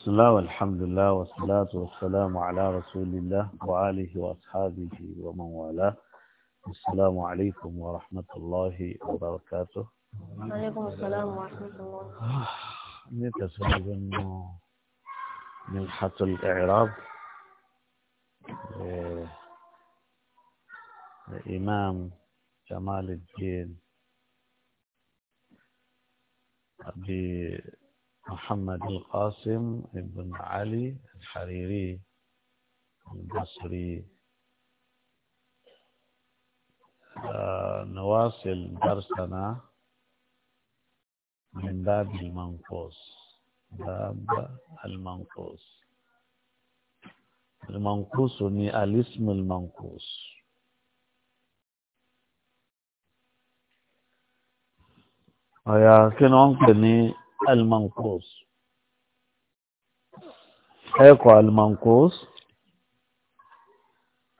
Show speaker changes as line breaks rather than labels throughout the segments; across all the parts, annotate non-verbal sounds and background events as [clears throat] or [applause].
بسم الله والحمد لله والصلاة والسلام على رسول الله وآله وأصحابه ومن والاه السلام عليكم ورحمة الله وبركاته
وعليكم السلام ورحمة الله آه،
نتسلم أنه منحة الإعراب الإمام آه، جمال الدين أبي محمد القاسم بن علي الحريري البصري آه، نواصل درسنا من باب المنقوص باب المنقوص المنقوص الاسم المنقوص ويا آه، كنون كني almanqus ẹ kọ almanqus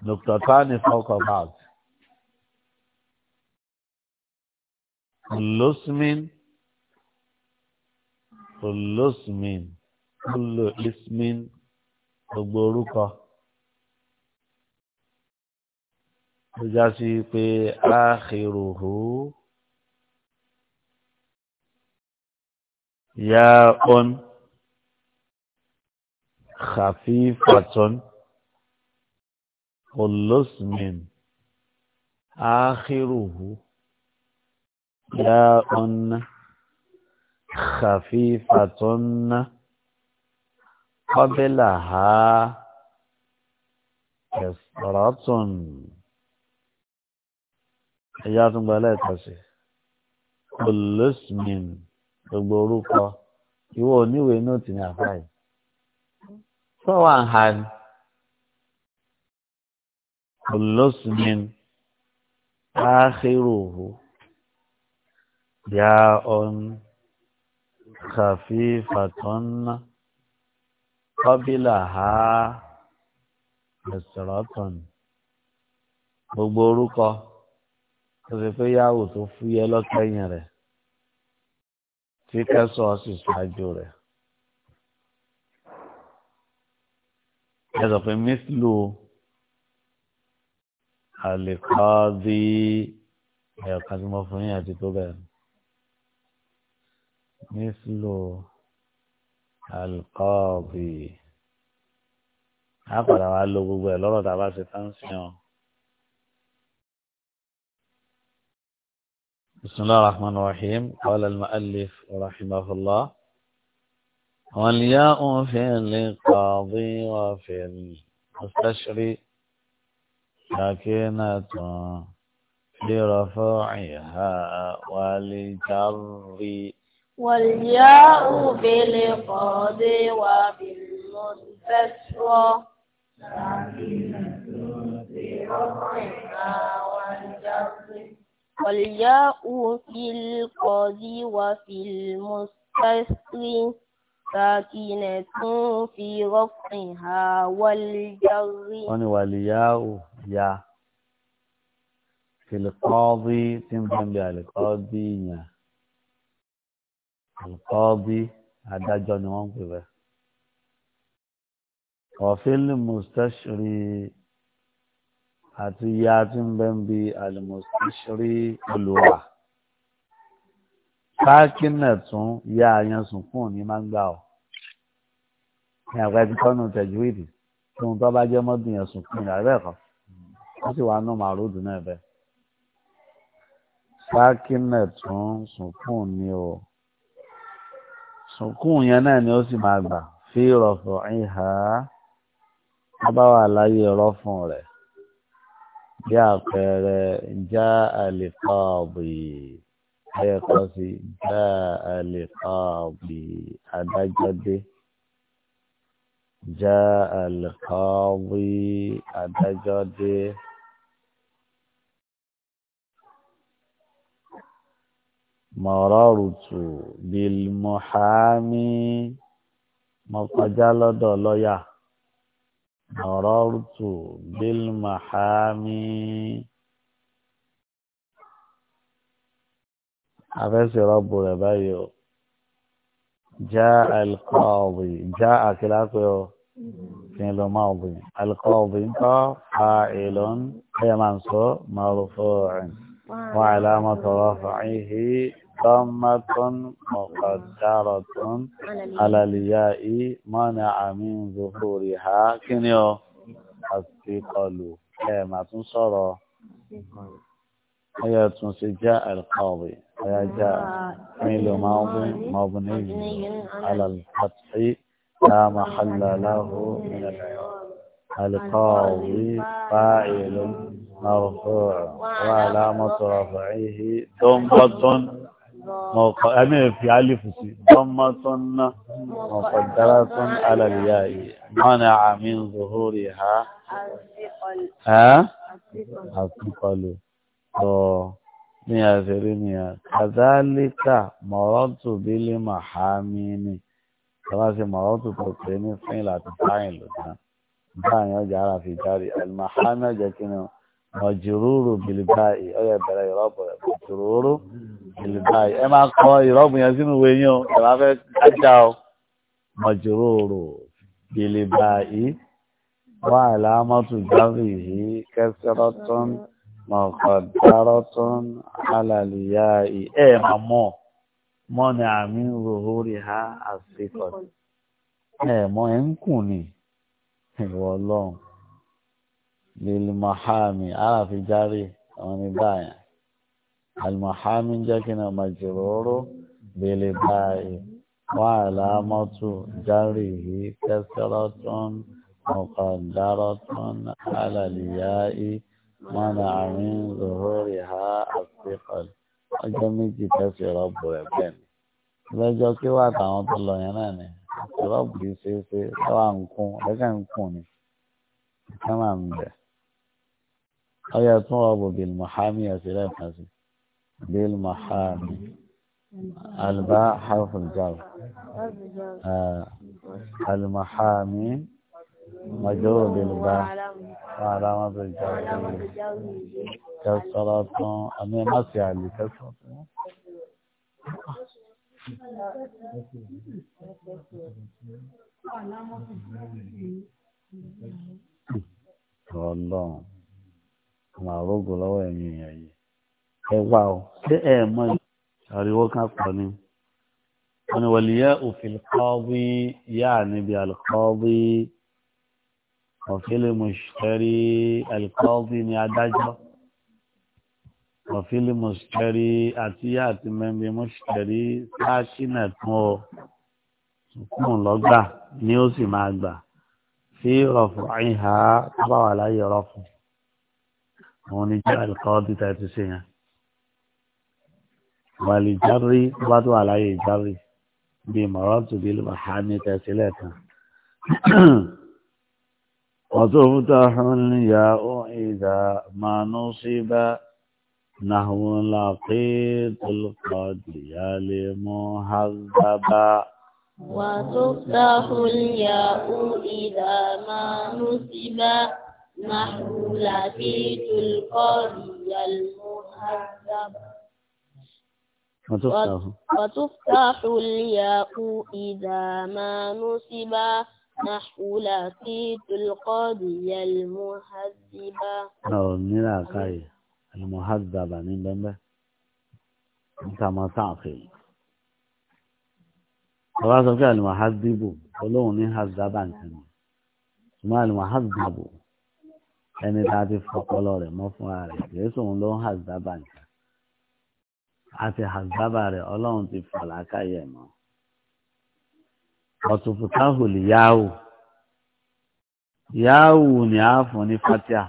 nuqtatani fawqa ba'd kullusmin kullusmin kullu ismin gbogbo orúkọ ó já sí pé áàkìrùhù.
ياء
خفيفة كل اسم آخره ياء خفيفة قبلها كسرة حياة بلا تسي كل اسم gbogbo orúkọ ìwọ oníwèé nóòtù ní àfáì sọ́wọ́ àhà ni olóṣùmín áhírùhù yá ọ̀n kàfífàtọ́nà kọ́bílà ha ẹ̀sọ̀rọ̀tọ̀n gbogbo orúkọ tó fi pé yáwò tó fúyẹ́ lọ́kẹ́yìn rẹ̀ tí kẹsàn án sì ṣáájú rẹ̀. ẹ sọ pé mísìlù àlèkọ́ bí ẹ̀ka tí mo fún yín àti tó bẹ́ẹ̀ mísìlù àlèkọ́ bí. a padà wá lo gbogbo ẹ̀ lọ́rọ̀ tá a bá ṣe tán sí wọn. بسم الله الرحمن الرحيم قال المؤلف رحمه الله والياء في القاضي وفي المستشر ساكنة في رفعها والجر
والياء في القاضي وفي المستشر ساكنة في رفعها والجر والياء في القاضي وفي المستسقي ساكنة في رفعها والجر
أنا والياء يا في القاضي تنفهم بها القاضي القاضي هذا جنوان كبير وفي المستشري àti ya tí ń bẹ́ ń bi àlùmọ̀síṣírí olùwà sáàkínà tún ya àyàn sùnkún ní máa ń gbà ọ́ ní àgbà tí tọ́nù tẹ̀júwìdì tí ohun tó bá jẹ́ mọ́dún yẹn sùnkún ní àbẹ́ ẹ̀kọ́ wọ́n sì wá nù màrúdù náà bẹ́ẹ̀ sáàkínà tún sùnkún ní o sùnkún yẹn náà ni ó sì máa gbà fi rọ̀fọ̀ ìhà abáwá àlàyé rọ́fún rẹ̀ bí àpẹẹrẹ já àlèkọ́ọ̀bì ẹ̀kọ́ sí já àlèkọ́ọ̀bì adájọ́ dé já àlèkọ́ọ̀bì adájọ́ dé. mọ̀rọ́rùtù bílmọ̀hámí mọ̀kọjá lọ́dọ̀ lọ́yà. مررت بالمحامي أفسي رب ربيو جاء القاضي جاء كلاكو في الماضي القاضي انت فاعل هي منصوب مرفوع وعلامة رفعه تامة مقدرة على الياء منع من ظهورها كنيو الثقل كما تنصر هي تنصي جاء القاضي هي جاء ميل ماضي مبني على الفتح لا محل له من العوام القاضي فاعل مرفوع وعلامة رفعه ثم mọ̀kọ̀ ẹ̀mí fi alifu sí bọ́mọ́tọ́nà
mọ̀kọ̀dáratún alàríyá yìí
mọ́nà àmì zuhuri ha àtúkọlù tó ní àṣírí ni a kàdálíkà mọ̀rọ́tù bílí mahami ni tọ́lá sí mọ̀rọ́tù tó pè ní fún ìlàtí fáyìn lòdán báyìí ọjà ara fi járe alìmahami ọjà kí ni ó mọ̀jùrúrù bìlìbáì ọ̀yẹ̀ bẹ̀rẹ̀ ìrọ́bù rẹ̀ mọ̀jùrúrù bilibai ẹ máa kọ ìrọ́bù yẹn sínú ìwé o ẹ máa fẹ́ kájà o mọ̀jùrúrù bìlìbáì wà lámọ́tò jáfì yìí kẹsìrọ́tún mọ̀kọ̀dárọ́tún alàlìyá ẹ máa mọ mọ ni àmì ròhórí ha àfikọ̀ ń kùn ní للمحامي عرف جاري ونبايع المحامي جاكنا مجرور بلباء وعلامة جره كسرة مقدرة على الياء منع من ظهورها الثقل وجميع كسر أبو عبان lọ́jọ́ kí wà táwọn tó lọ yẹn náà ni ìrọ́bù yìí ṣeé ṣe lọ́wọ́ à ń kún ẹ̀ka ń kún ni ẹ̀ka máa ń bẹ̀. هيا يطلب بالمحامي يا سلام حسن بالمحامي الباء حرف الجر آه. المحامي مجرور بالباء وعلامة الجر
كسرة أمين في
اللي كسرة والله máa rògbò lọ́wọ́ ẹ̀yìn èèyàn yìí ẹ wá o ṣé ẹ mọ ariwo kan pọ̀ ni wọn ni wọlíyẹ òfin kọ́ọ̀bí yá níbi àlùkọ́ọ̀bí òfin mùsùlẹ́rì àlùkọ́ọ̀bí ni adájọ́ òfin mùsùlẹ́rì àti yá àti mẹ́mí mùsùlẹ́rì sáàkínà tún ọ sùkúrù lọ́gbà ni ó sì máa gbà sí rọ̀fù àyíká tó bá wà láyé rọ̀fù àwọn ní jẹ́ àlùkọ́ọ́dù tá a ti ṣe yẹn wàlì járí wá tó àlàyé járí bíi mọ̀rọ́tù bíi lùbàhání tá a ṣe lẹ́ẹ̀kan. وتفتح الياء إذا ما نصب نحو لقيت القد يلم هذبا
وتفتح الياء إذا ما نصب محمولة القرية المهذبة وتفتح وتفتح الياء إذا ما نصب نحو لقيت القرية المهذبة
أو نرى قرية المهذبة من بمبه كما تعقل وهذا الكلمة حذبوا ولو نهذبا كما المهذبوا ẹni tá a ti fọpọlọ rẹ̀ mọ́ fún ara rẹ̀ jésù ló ń hazaba nǹkan a ti hazaba rẹ̀ ọlọ́run ti fọlá káyẹ mọ́ ọtúnfùtáhùlì yahoo yahoo ni a fún ní fatia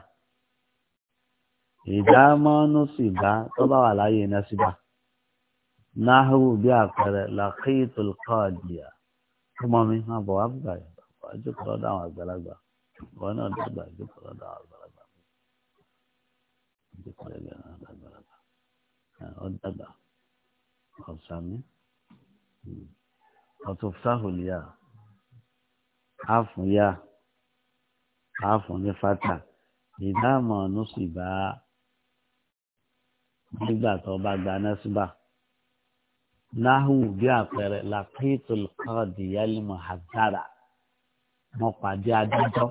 ìdámọ́nú sì bá tó bá wà láyé iná sí náhùn bí àpẹẹrẹ làkìtù kọ́ọ̀dìyà fún mọ́mí má bọ̀ wá bùkà yìí wájú kọ́ lọ́dọ̀ àwọn àgbàlagbà wọn náà dàgbà ìjókòó lọ́dọ̀ àwọn ìkọlẹ̀lẹ̀ àgbàlagbà ọ̀dàgbà ah, ọ̀sàmì hmm. ọ̀tọ̀fáhùlìyà àfùnyà àfùnnífàtà ìdáàmú ọ̀nùsìbà nígbà tó bá gba nẹ́sìbà náhù bí àpẹẹrẹ làkìtù kọ́ọ̀dì yálìmọ̀ àgbàrà mọ̀ pàdé adájọ́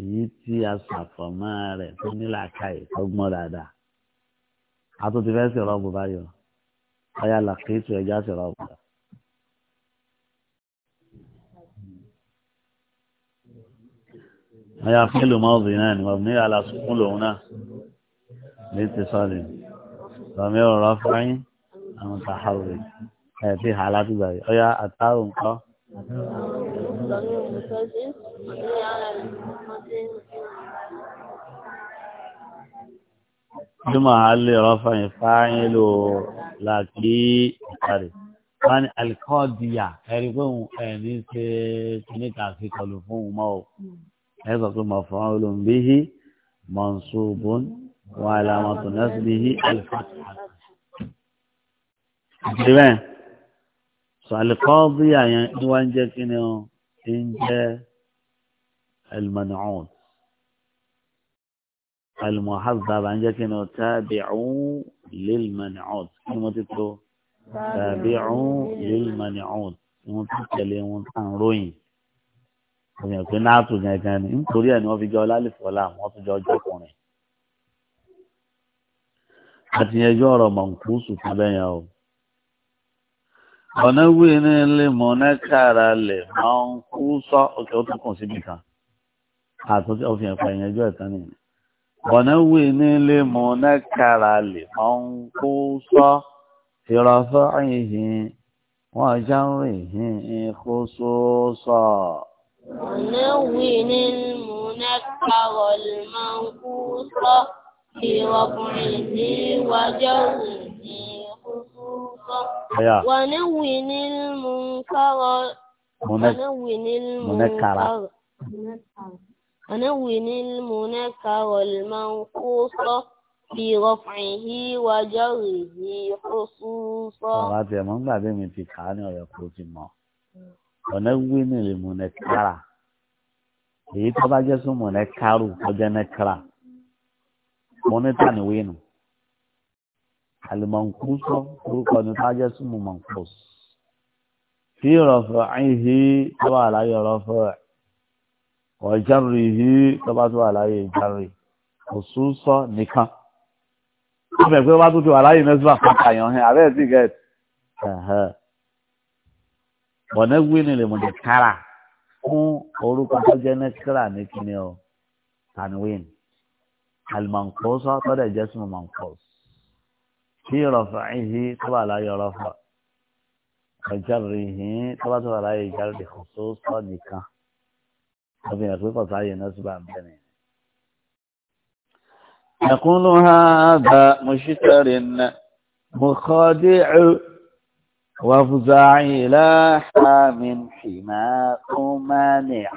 èyí tí a ṣàfọ̀mọ́ rẹ̀ tó nílà káyè tó gbọ́n dáadáa a tó ti fẹ́ sí rọ́ọ̀bù báyọ̀ ọ̀yà làkìtì ẹja sí rọ́ọ̀bù. ọ̀yà fílù mọ́ọ̀dù náà ni wọ́n ní alásùkún lòun náà ní ti sọ́ọ̀lì rọ̀mí ọ̀rọ̀ fáyín àwọn tàhàwé ẹ̀ fi hà látìgbà yìí ọ̀yà àtàwọn nǹkan. بمحل رفع فاعل لكي أكاري wọ́n alikọ́dìyà ẹ̀rí pé ẹ̀ní ṣe kíní kan fi kọlù fún un mọ́ o ẹ sọ pé mọ̀ fún ọlọ́run bí hí mọ̀nsóbón wọn àlàmọ̀ tó náà sì bí hí alifásitì. síbẹ̀ sọ alikọ́dìyà yẹn ni wọ́n ń jẹ́ kíni o ń jẹ́ ẹlmọ̀nìọ́n المحذب عن جاكين تابعوا للمنعود المتتو
تابعوا
للمنعود المتتلي وانتان روين ìyẹn pé náàtù yẹn gan ni nítorí ẹ ni wọn fi jọ lálẹfọlá wọn tún jọ ọjọ́ kùnrin àtìyẹjọ ọ̀rọ̀ mọǹkúsù tábẹ yẹn o ọ̀nà wí ní ilé mọ̀nẹ́kàrà lè mọ̀ǹkúsọ òkè ó tún kùn síbi kan àtúntò ọ̀fìn ẹ̀fọ́ ìyẹn jọ ẹ̀tàn nìyẹn ọ̀nàwó nílé mọ̀nàkàrà lè máa ń kó sọ ìrọ̀fọ́ ìhìn wọ́n já ń rìn ìhìn kó sọ sọ. ọ̀nàwó nílé mọ̀nàkàrà lè máa ń kó sọ
ìrọ̀fọ́ ìhìn wọ́n já ń rìn ìhìn kó sọ. ọ̀nàwó nílé mọ̀nàkàrà. mọ̀nàkàrà. ونون المنكر والمنقوص في رفعه وجره خصوصا àwọn àti
ẹ̀mọ́ ńgbà bí mi ti kà á ní ọ̀rẹ́ kó ti mọ̀ ọ̀nà wí ní ìmùnẹ́kára èyí tó bá jẹ́ sí mùnẹ́kárù tó jẹ́ nẹ́kára mo ní tà ní wí nù àlùmọ̀nkúsọ orúkọ ní tó jẹ́ sí mùmọ̀nkúsọ fi rọ̀fọ̀ àìhí tó wà láyọ̀ rọ̀fọ̀ rẹ̀ ọ̀járì yìí tọ́ba tó wà láyé ìjárì òṣùṣọ nìkan wọ́n fẹ́ pé wọ́n bá tó ti wà láyé mẹ́sìlá pátá yàn hẹ́ abẹ́ẹ̀ sì gẹ̀ẹ́t bọ̀dẹ́ gbé ni lè mọ̀jẹ̀ kára fún orúkọ tó jẹ́ nẹ́kírà ní kíni ọ tanwin alimankosa tọ́dẹ̀ jẹ́ sínú mankos tí rọ̀fà ìhí tọ́ba láyé rọ̀fà ọ̀járì yìí tọ́ba tó wà láyé ìjárì òṣùṣọ nìkan. wọ́n fi hàn pé kọ̀tà yìí يقول هذا مشتر مخادع وفزع إلى حام حما مانع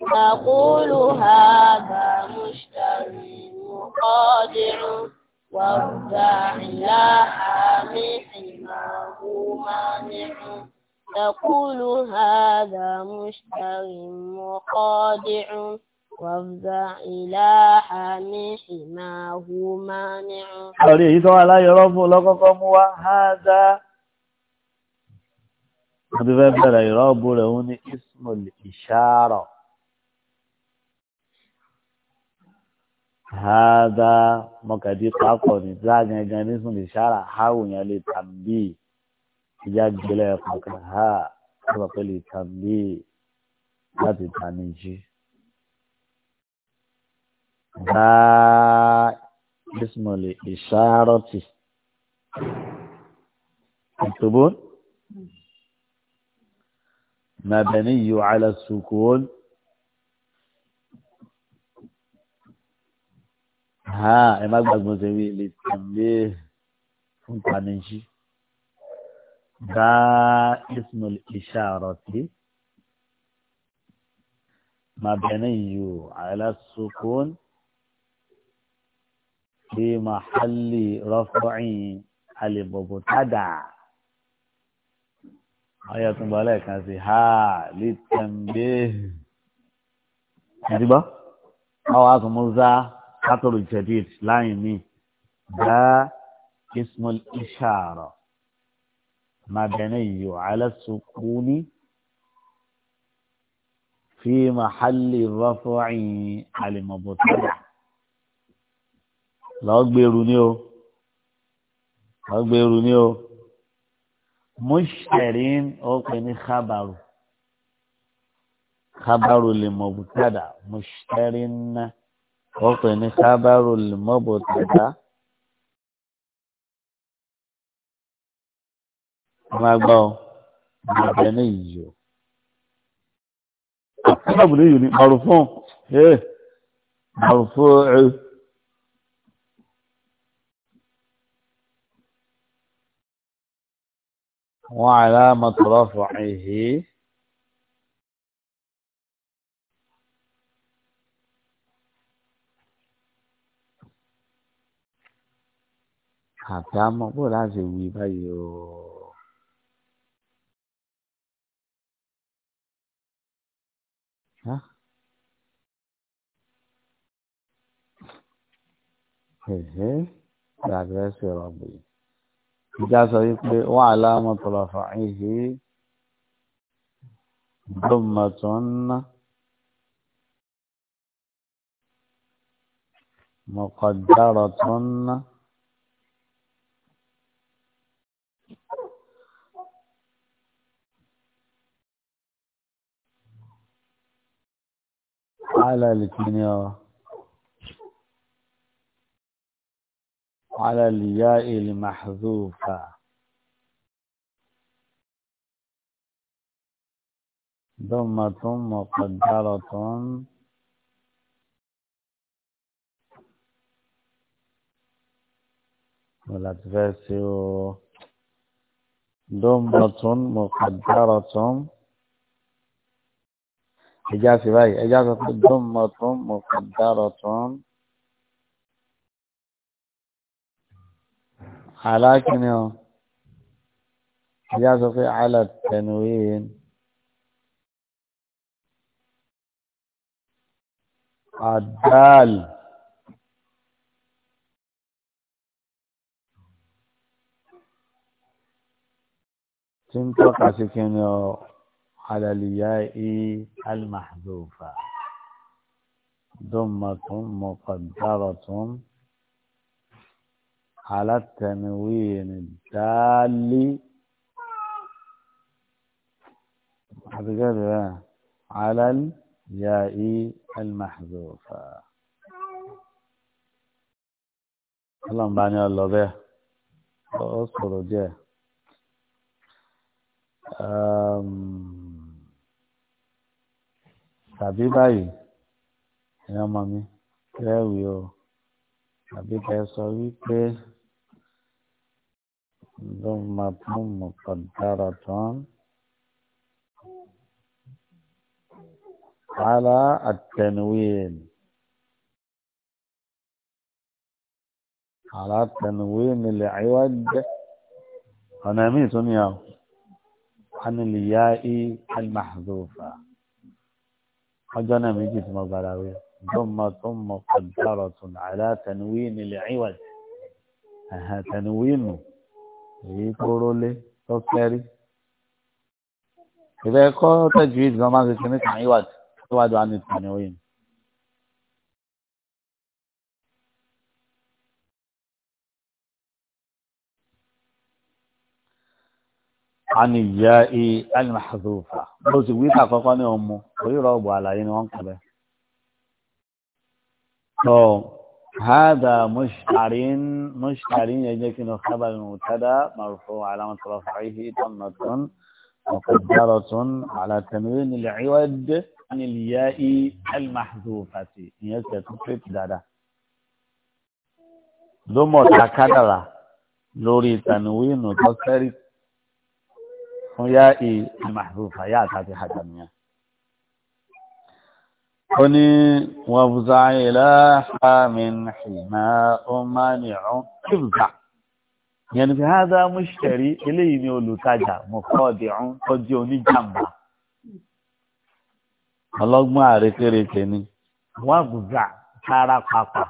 يقول هذا مشتر مخادع وفزع إلى حام حما مانع تقول هذا مشتر وخادع وافزع إلى حميحما هو مانع
Ọ̀rí èyí tó wà láyé rọ́bù lọ́kọ́kọ́
mú wá hádá.
Wọ́n ti fẹ́ bẹ̀rẹ̀ ìrọ́bù rẹ̀ ń ní Ismul Ìṣàrọ̀. Hádá mọ̀kàdí pápọ̀ ní Zá gangan ní Ismul Ìṣàrọ̀, háwù yẹn lè tàbí ìjà gbélé kankan ha ọba pẹ̀lú ìtàn bíi láti tani jí. Dáa bísímọ̀lì ìṣàárọ̀tì. Ìtòbón. Màbẹ̀ni yìí ala sukun. Ha ẹ má gbàgbọ́ sẹ́wí lè tàn lé fún tani باء اسم الإشارة مبني على السكون في محل رفع المبتدع آية بلاك ها للتنبيه عربة أو أتمزا خطر الجديد لا يمين باء اسم الإشارة مبني على السكون في محل رفع المبتدع lọ gbèrú ni o lọ gbèrú ni o mushtarin ó pè ní khabaru khabaru lè mọ̀bùtàdà ó pè ní khabaru lè
wọn á gbọ́ ìgbàgbọ́ ní ìyó sábàbù ní ìyó ni màrúfún ẹ màrúfún ẹ. وعلامة رفعه
àti àmọ́ bó láti wí báyìí o. ها بعد بس ربي جاء صديق وعلامة رفعه ضمة مقدرة
على الاثنين يا على الياء المحذوفة
ضمة مقدرة والأدفاسيو ضمة مقدرة إجازة باي إجازة ضمة مقدرة على كنو إجازة على التنوين
الدال
تنتقى سكنو على الياء المحذوفة ضمة مقدرة على التنوين الدال على الياء المحذوفة اللهم بعني الله به اصبروا جه tàbí báyìí ẹ̀yin ọmọ mi kẹ́rì o tàbí kẹ́ sọ wípé lọ́mọ fún mọ̀kàndára tán. على التنوين
على التنوين العوج
أنا ميت عن الياء المحذوفة ọjọ́ náà méjì tí mo gbára wí dọ́mọ tó mọ kọjárọ̀ tún àlá tẹnuwíìnì lè ríwà tẹnuwíìnù èyí tó rólé tó kẹ́rí. ìrẹ́kọ́ tẹ̀jú ìdìbọn máa ń ṣe kíní kan ríwà tó wájú á ní tẹnuwíìnù. àníyá i alimahazufa bó ti wí àkọ́kọ́ ní ọmọ orírọ̀ ọ̀bọ̀ àlàyé ni wọ́n kà bẹ́ẹ̀. tó hada mushtarin mushtarin yẹn jẹ́ kí ni khabar mubtada marfu alamat rafihi tammatun muqaddaratun ala tanwin al-iwad عن الياء المحذوفة يسكت تفرق دادا دومو تاكادلا لوري تنوين وتسرق fún yá ì mahzufa yá àtàtì hajjamiya ó ní wọ́n bùzá ilá hamin hìmá ó máa ní ọ̀hún kíbùzá yẹn fi hádá mùsítẹ̀rí eléyìí ni olùtajà mọ̀kọ́ọ̀dì ọ̀hún tọ́jú oníjàmbá ọlọ́gbọ́n àrékérekè ni wọ́n bùzá kára pàpà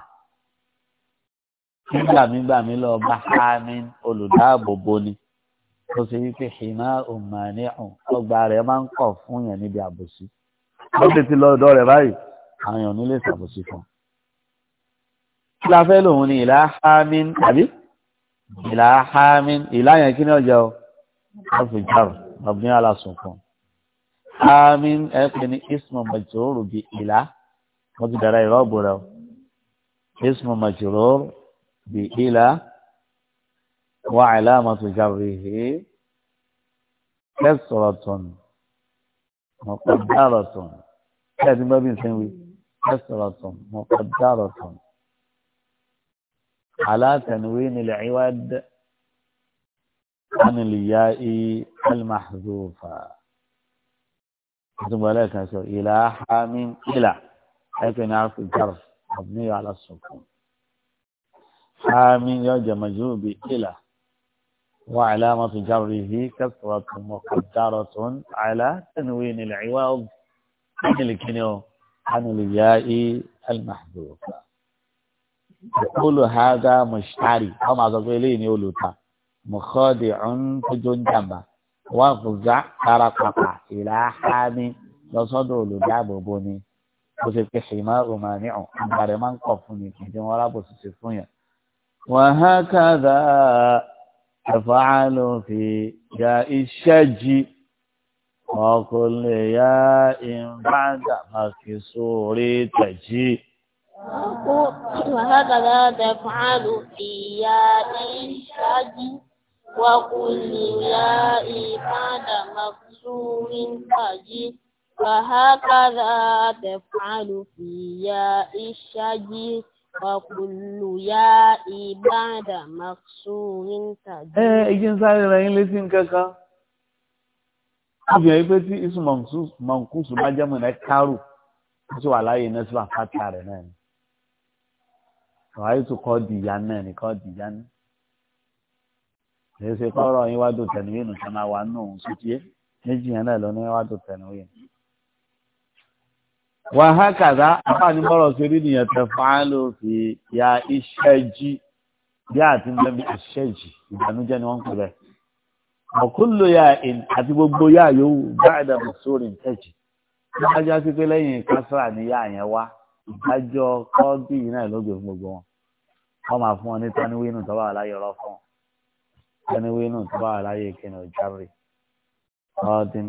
nígbàmígbàmí lọ́ọ́ bá hamin olùdáàbòbò ni tó ṣe wípé ìmá òmàní ọ̀hún ọgbà rẹ̀ máa ń kọ̀ fún yẹn níbi àbòsí wọ́n ti ti lọ ọ̀dọ́ rẹ̀ báyìí àwọn èèyàn nílé ìṣàbòsí fún un. kí la fẹ́ lòun ni ìlà hamin àbí ìlà hamin ìlà yẹn kí ni ọjà o láti jàrò ọ̀gbìn alásùn hamin ẹ pè ní ismu majoro bi ìlà wọ́n ti dára ìrọ́bù rẹ̀ o ismu majoro bi ìlà. وعلامة جره كسرة مقدرة هذه ما بنسوي كسرة مقدرة على تنوين العواد عن الياء المحذوفة ثم ولكن إلى حام إلى لكن نعرف الجر مبني على السكون حام يرجى مجهول إلى وعلامة جره كثرة مقدرة على تنوين العوض عن الكنو عن الياء المحذوفة يقول هذا مشتري أو ما تقولين يقولوا مخادع تجون جنبا وافزع ترقق إلى حامي lọ́sọ́dọ̀ لجاب بني وسيك حماء مانع ṣì máa rò máa ní قفني ń kọ̀ fún ni o وهكذا أفعل في جاء الشج وكل ياء بعد مكسور تجي
وهكذا تفعل في ياء الشج وكل ياء بعد مكسور تجي وهكذا تفعل في ياء الشج Ẹ̀yin
sáré rẹ̀ yín létí nǹkankan. Obìnrin pé tí Isu Mankusu bá jẹ́ mọ̀nà kárù, ó ti wà láàyè Nẹ́sílà pátá rẹ̀ náà ni. Wàhálà tó kọ́ di ìyá náà ni kọ́ di ìyá ní. Èyí ṣe kọ́rọ̀ yín wá dùn tẹ̀núwé nù sọ́nà wa wàhákàdá àfáàní bọ́rọ̀ sí orí nìyẹn tẹ fàálù fi ya iṣẹ́ jí bí àti mẹ́bí iṣẹ́ jì ìbànújẹ́ ni wọ́n ń pè bẹ́ẹ̀. ọ̀kúnlò ya in àti gbogbo ya yòówù báyìí dàbò sórí ntẹ́jì lájá sí pé lẹ́yìn kásárà ni ya yẹn wá ìdájọ́ kọ́ọ̀dù yìí náà ló gbé fún gbogbo wọn. wọ́n máa fún wọn ní tániwínú tó bá wà láyé ọ̀rọ̀ fún tániwínú tó bá wà láyé kíni ọ̀járì ọ̀dín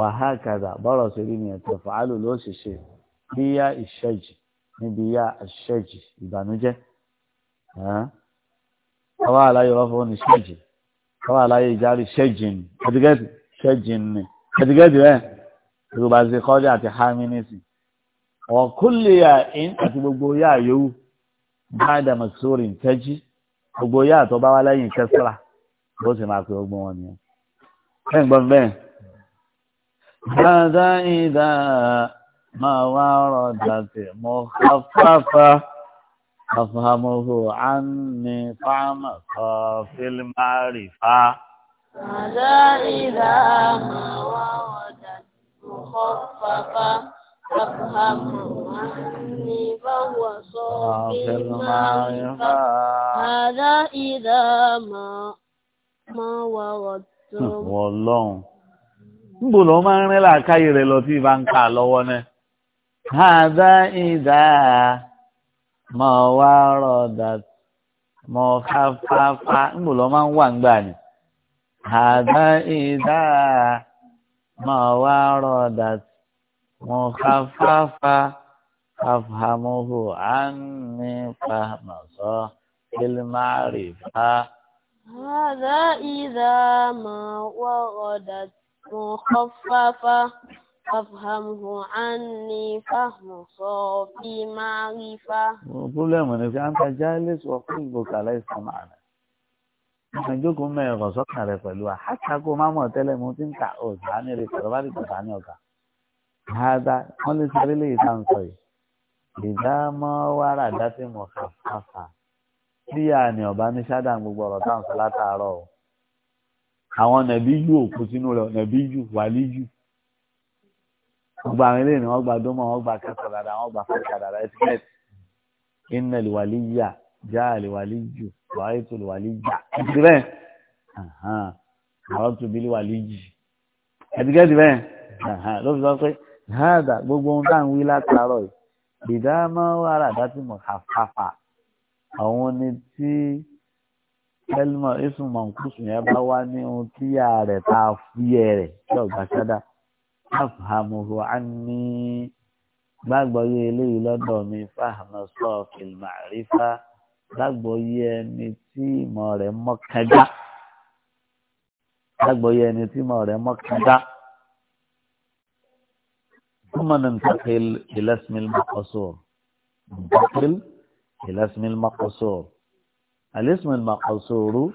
wàhákàdà bọ́rọ̀ sórí ni ẹ̀tọ́ fàálù ló sì ṣe bí yá ìṣẹ́jì níbi yá ìṣẹ́jì ìbànújẹ́ ọwọ́ àlàyé ọlọ́fọ́ ní ṣẹ́jì ọwọ́ àlàyé ìjárí ṣẹ́jì ni ẹ̀dígẹ́tì ṣẹ́jì ni ẹ̀dígẹ́tì rẹ̀ yorùbá ṣe kọ́dí àti hámínísì ọ̀kúnlé yà ín àti gbogbo yà yòówù bá dàmà sórí ìtẹ́jì gbogbo yà àtọ́ bá wá lẹ́yìn kẹsàrà bó sì máa pe gbogbo wọn nìyẹn هذا إذا ما وردت مخففة أفهمه عني طعم خاف المعرفة هذا إذا ما وردت
مخففة أفهمه عني فهو صاف المعرفة هذا إذا ما ما وردت
والله níbo lọ máa ń rìn làákàyè rẹ lọ tí ìbá ń kà lọ́wọ́ náà. hàdá ìdá mọ̀ wá rọ̀dà mọ̀ fáfáfá níbo lọ máa ń wà ń gbà ní. ìdá mọ̀ wá rọ̀dà mọ̀ fáfáfá afahamuhu anni fahmaso ilmarifa.
hàdá ìdá mọ̀ wá rọ̀dà. مخففة أفهمه عني فهم صافي معرفة
بروبلم أنا في أنت جالس وقلبك ليس معنا Àwọn ìjókòó mẹ́rin kan sọ́kàn rẹ̀ pẹ̀lú wa. Àtàkó máa mọ̀ tẹ́lẹ̀ mo ti ń ta ọ̀gá ní rẹ̀ sọ̀rọ̀ bá rí kọ̀ọ̀tà ní ọ̀gá. Àádá wọ́n lè sọ eléyìí tá ń sọ yìí. Ìdámọ́ wàrà dá sí mọ̀ fàfà. Bí àní ọ̀bá ní ṣádà gbogbo ọ̀rọ̀ tá sọ látàárọ̀ o àwọn nàbí yù òkú sínú rẹ̀ nàbí yù wàlí yù gbogbo àwọn eléyìí ni wọ́n gba dómọ̀ wọ́n gba kẹsàn dáadáa wọ́n gba fẹsà dáadáa ẹtíkẹtì iná lìwàlí yà já lìwàlí jù wàá ètò lìwàlí jà ẹtì bẹ́ẹ̀ àwọn tóbi lìwàlí jì ẹtíkẹtì bẹ́ẹ̀ ló fi sọ pé hàdà gbogbo ohun tá à ń wí látàárọ̀ yìí ìdá máa ń wà rà dátìmọ̀ àfàfà àwọn ni tí kẹlímọ̀ ìsùn mọ̀nkúsù yẹn bá wá ní ohun tí yà rẹ̀ tá a fúyẹ́ rẹ̀ tí ọ̀gá sádà afhamuhu anni gbàgbọ́yé eléyìí lọ́dọ̀ mi fáhàmà sọ́ọ̀kì màrífà gbàgbọ́yé ẹni tí ìmọ̀ rẹ̀ mọ́kànjá gbàgbọ́yé ẹni tí ìmọ̀ rẹ̀ mọ́kànjá. ثم ننتقل إلى اسم المقصور ننتقل إلى اسم المقصور الاسم المقصور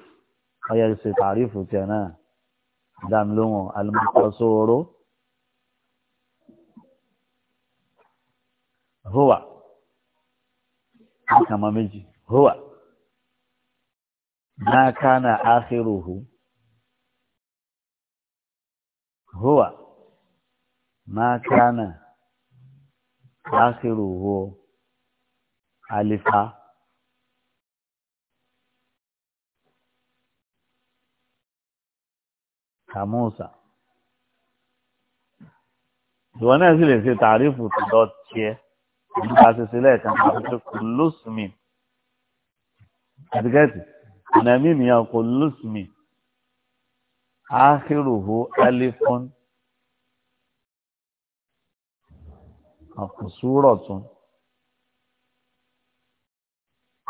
ويرسي تعريف تنا دام لونه المقصور هو كما مجي هو ما كان آخره هو ما كان آخره ألفا kàmúùsà ìwọ náà sì lè ṣe tàrífù tọ̀dọ̀ tiẹ̀ ìlú bá ṣe ṣe lẹ́ẹ̀kan àti kùlùsùmí àtìkẹ́tì ọ̀nà mí nìyẹn kùlùsùmí áhìrùhù ẹlífọ́n àkùsùrọ̀ tún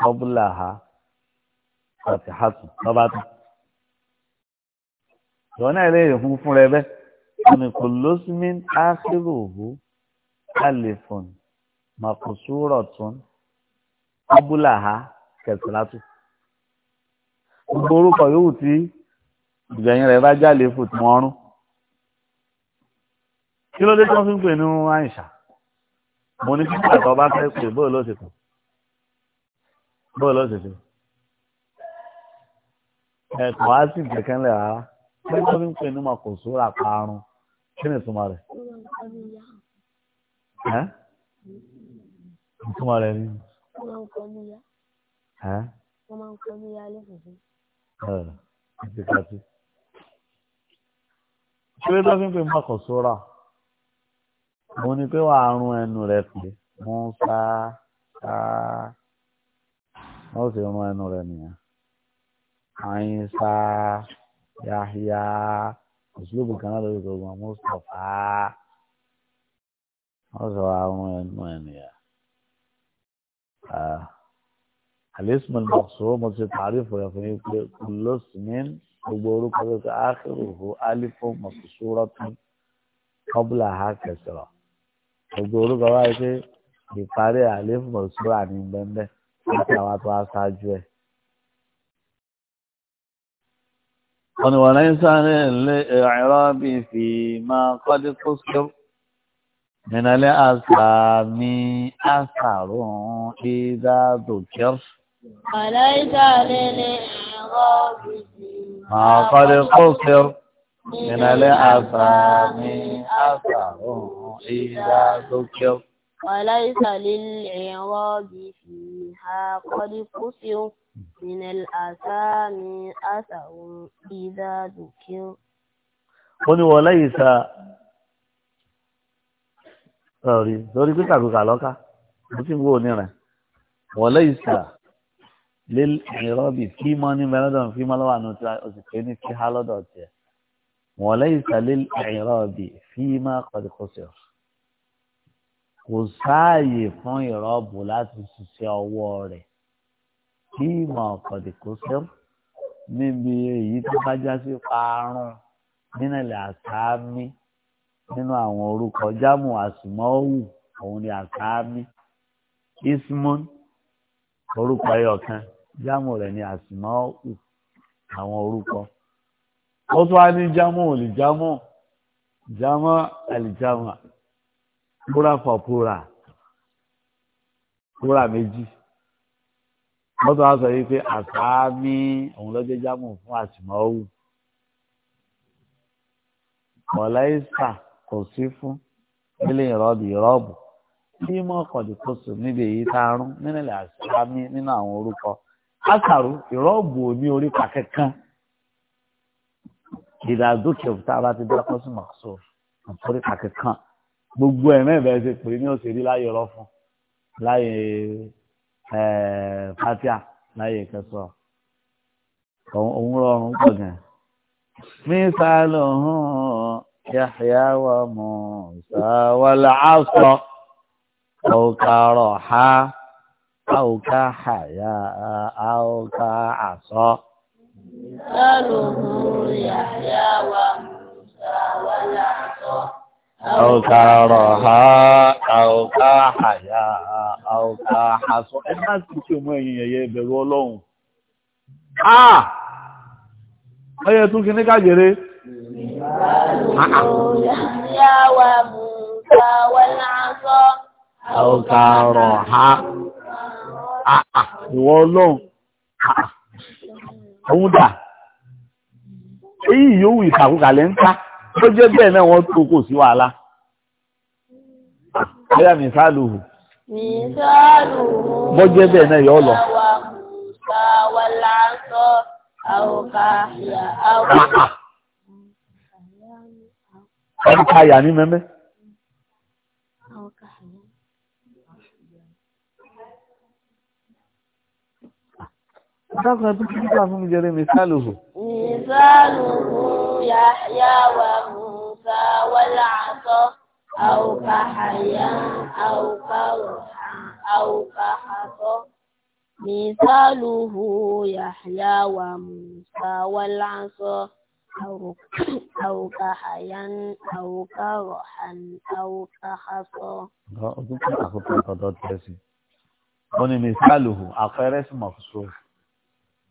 ọ̀bùlàhà àti hàtù lọ́ba tún ìwọ náà lè fún fún rẹ bẹ ọmọ kò lóṣìmín áṣírò òhù àlèfòn màkòsúrò tún abúláha kẹsìlátù gbogbo orúkọ yòówù tí ìgbẹ̀yìn rẹ̀ bá jáde fò tí wọ́n rún kí ló dé tí wọ́n fi ń pè ní àìsà mo ní kí àtọ́ bá fẹ́ pè bóyá ló ṣe tó bóyá ló ṣe tó ẹ̀kọ́ á sì kẹ̀kẹ́ ńlẹ̀ rárá kí wọ́n fi ń pè ní màkòsóra parun kí ni ìtumọ̀ rẹ̀ ẹ́ ìtumọ̀ rẹ̀ ni.
wọ́n máa ń kọ́ ní ya. ẹ́ wọ́n máa ń kọ́ ní ya lẹ́sìn-ín.
ẹ̀ ẹ́ ti ka mo ní pé wàá rún ẹnu rẹ̀ pé mo ń sá sá wọ́n sì rún ẹnu rẹ̀ nìyẹn àyìn sá yahya òṣèlú kan náà lórí gbogbo mustapha wọn sọ àwọn ẹnu ènìyàn ah. alisman mọ̀sọ́ mo ti parí fòyà fún yín pé lọ́sìmín gbogbo orúkọ tó ti ákéròhó alifó mọ̀sọ́sọ́rọ́tún kọ́bùlà ha kẹsìrọ̀ gbogbo orúkọ wáyé pé ìparí alif mọ̀sọ́rọ́ àní bẹ́ẹ̀ bẹ́ẹ̀ láti àwọn àtọ́ aṣáájú ẹ̀. قد وليس للإعراب فيما قد قصر من الأسلام أثر إذا ذكر
وليس للإعراب فيما قد قصر من الأسلام أثر إذا ذكر وليس للإعراب فيها قد قصر من الأسامي أثر إذا ذكر
wọ́n ní wọlé ìsà ọ̀rí lórí pípa àgùkà lọ́ka mo sì ń wo onírin wọlé ìsà lé ìrọ́bì kí mọ́ ní mẹ́lọ́dọ̀ fi mọ́ lọ́wọ́ àánú tí o sì pé ní kí há lọ́dọ̀ tiẹ̀ wọlé ìsà lé ìrọ́bì fi má kọ́díkọ́sì ọ̀ kò sáàyè fún ìrọ́bù láti ṣiṣẹ́ ọwọ́ rẹ̀ bí ìmọ̀ ọ̀kọ̀dì kò sẹ́m níbi èyí tó bá já sí parun nínú ilẹ̀ àsáámi nínú àwọn orúkọ jámù àsùmọ́wù òun ni àsáámi ismon orúkọ ẹyọkan jámù rẹ̀ ni àsùmọ́wù àwọn orúkọ ó tún wá ní jámù olùjámù jámù àlìjámù púrà fọ̀ púrà púrà méjì wọ́n tún á sọ yìí pé àsáámi òun lọ́jọ́ jámù fún àtìmọ́wù mọ̀láìsà kò sí fún nílé ìrọ́bì ìrọ́bù bí mọ́ kọ̀dìkọ̀sù níbi èyí tá a rún nílẹ̀ àsáámi nínú àwọn orúkọ ásàrú ìrọ́bù ò ní orí kankan ìdádókè tá a bá ti dá kọ́sùn mọ̀ọ́sù nítorí kankan gbogbo ẹ̀mẹ́ẹ̀bẹ̀ ṣe pé ní òṣèré láyé fún láyé. Eh, fatia láyé kẹsọ òun rọrùn pọ̀ gan mísàlù hàn yàhíà wà mọ sàwàlà àṣọ òkàrọ ha àwòká àyà àwòká àṣọ.
mísàlù hàn yàhíà wà mọ sàwàlà àṣọ. أو كرها أو
كحياء àwòká àṣọ ẹ má sì kí òun ẹ̀yìn ẹ̀yẹ ìbẹ̀rù ọlọ́run. ọyẹ tún kí ní
kàjẹrẹ. àwòká ọ̀rọ̀ ha ìwọ ọlọ́run
òun dà èyí yòówù ìkàkùkàlẹ̀ ń ká tó jẹ́ bẹ́ẹ̀ náà wọ́n tó kò sí wàhálà. Bóyá mi
bọ́jẹ́ bẹ́ẹ̀ náà yọ ọ lọ.
ọ̀rùka àyà ní mẹ́mẹ́. Dákan tó kí nípa fún mi jẹrẹ mi sálòhò.
Ìsálòhò yàyà wà mú sáwọ́lá àtọ́. Misaluhu Yahya, أو كحيان أو كروحان أو كحصى مثاله يحيى وموسى والعصا أو كحيان [clears throat] أو كروحان أو كحصى
wọ́n ní misaluhu àpẹẹrẹ sí mọ̀fúsù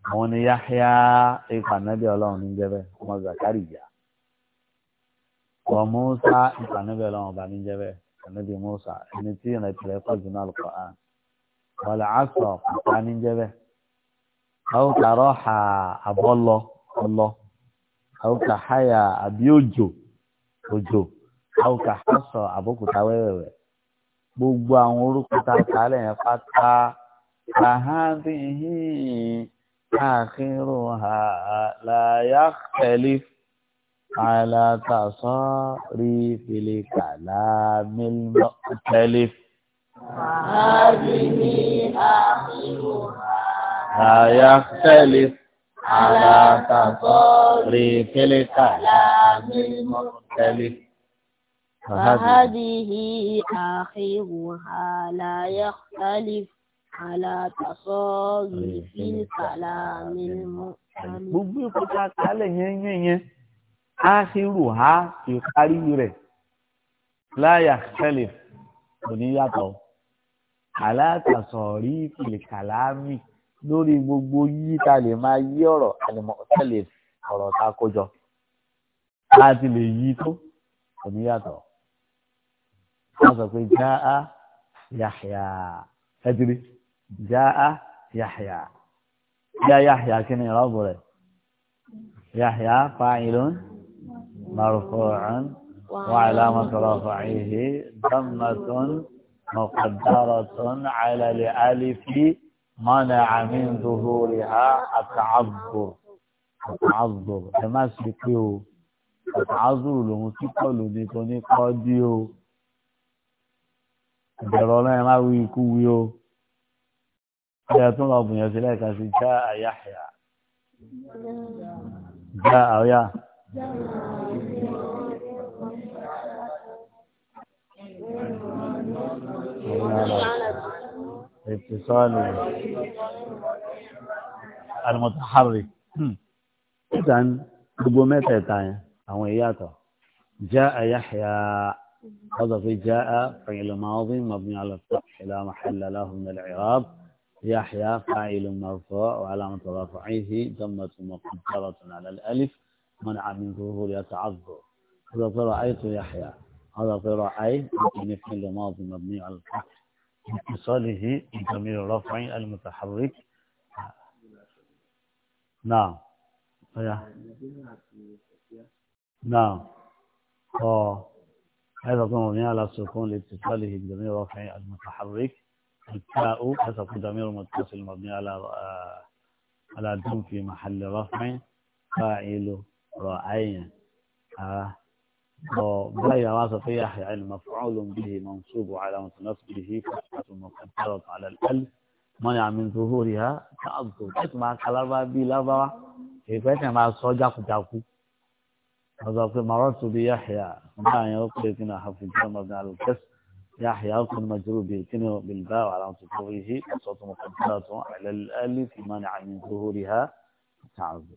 àwọn ni yáhíá ikọ̀ ànábì ọlọ́run ní jẹ́bẹ̀ ọmọ zakariya wọ musa ìpànìbẹ lọ́wọ́ ọba ní jẹbẹ ẹnìdì musa ẹni tí ìrìn ìpìlẹ̀ pọ̀ jù náà lọkọ án wọlé asọ ọba ní jẹbẹ àwọn kàrọ ha abọ lọ ọlọ àwọn kàháyà àbí òjò òjò àwọn kàhásọ àbókúta wẹwẹwẹ gbogbo àwọn orúkọ tá a kálẹ̀ yẹn pátá kàhádìhìn àkírò ha làyà tẹlifù. على تصاريف الكلام المختلف
هذه آخرها
لا يختلف على تصاريف الكلام
المختلف فهذه آخرها لا يختلف على تصاريف الكلام المختلف gbogbo ìkọjá kálẹ̀ yẹn yẹn yẹn
áhírù ha ìparí rẹ̀ láyà tẹ́lẹ̀ kò ní yàtọ̀ alátàsọ̀rí ìkàlámì lórí gbogbo yí ta lè máa yí ọ̀rọ̀ àlùmọ̀ tẹ́lẹ̀ ọ̀rọ̀ ta kójọ láti lè yí tó kò ní yàtọ̀ wọ́n sọ pé já a yàhìá ẹ já a yàhìá yá yàhìá kí ni ìrọ́bù rẹ̀ yàhìá fa ìlú. مرفوعا وعلامة رفعه ضمة مقدرة على الألف منع من ظهورها التعذر التعذر كما سيكيه التعذر لمسيقى لنتوني قاديو ìbẹ̀rọ̀lọ́ ẹ máa wí ikú wí o ṣe ẹ tún lọ
bùyàn
اتصال المتحرك إذن متى تتعين أو إياته جاء يحيى هذا في جاء فعل ماضي مبني على الفتح لا محل له من الإعراب يحيى فاعل مرفوع وعلامة رفعه ضمة مقدرة على الألف منع من ظهور يتعذر هذا فرأيت يحيى هذا فرأي من فعل ماضي مبني على الفتح اتصاله بضمير رفع المتحرك نعم نعم اه هذا مبني على السكون لاتصاله بضمير رفع المتحرك التاء هذا ضمير متصل مبني على آه، على الدم في محل رفع فاعله رأينا آه. وبايا واسط يحيى المفعول به منصوب على نصبه فتحة مقدرة على الألف منع من ظهورها تعذر اسمع كلام بي لبرة يبقى ما الصجاك جاكو هذا في مرات بيحيى ما يقول كنا حفظ جمع بن على الكسر يحيى يكون مجرور بالكن بالباء على ظهوره صوت مقدرة على الألف منع من ظهورها تعذر